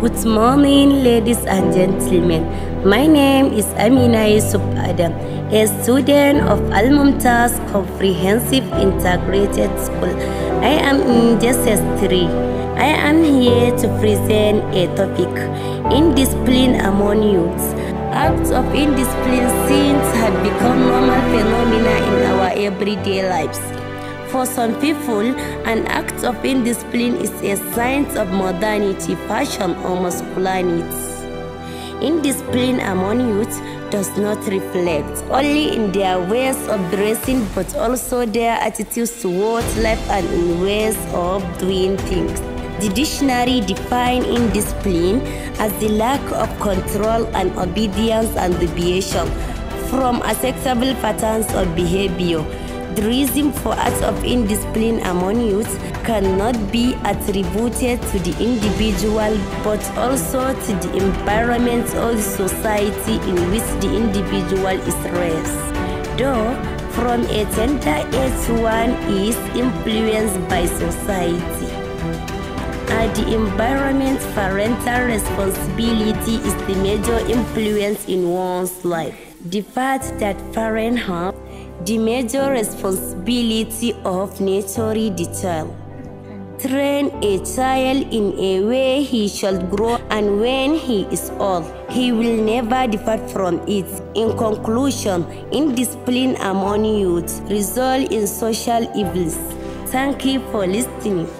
Good morning, ladies and gentlemen. My name is Amina Yusuf Adam, a student of Al Mumtaz Comprehensive Integrated School. I am in JSS 3. I am here to present a topic Indiscipline Among Youths. Acts of indiscipline since have become normal phenomena in our everyday lives. For some people, an act of indiscipline is a sign of modernity, fashion, or masculinity. Indiscipline among youth does not reflect only in their ways of dressing but also their attitudes towards life and in ways of doing things. The dictionary defines indiscipline as the lack of control and obedience and deviation from acceptable patterns of behavior the reason for acts of indiscipline among youth cannot be attributed to the individual but also to the environment or the society in which the individual is raised. Though from a tender age one is influenced by society. and the environment, parental responsibility is the major influence in one's life. The fact that parents have the major responsibility of nurturing the child. Train a child in a way he shall grow, and when he is old, he will never depart from it. In conclusion, indiscipline among youth results in social evils. Thank you for listening.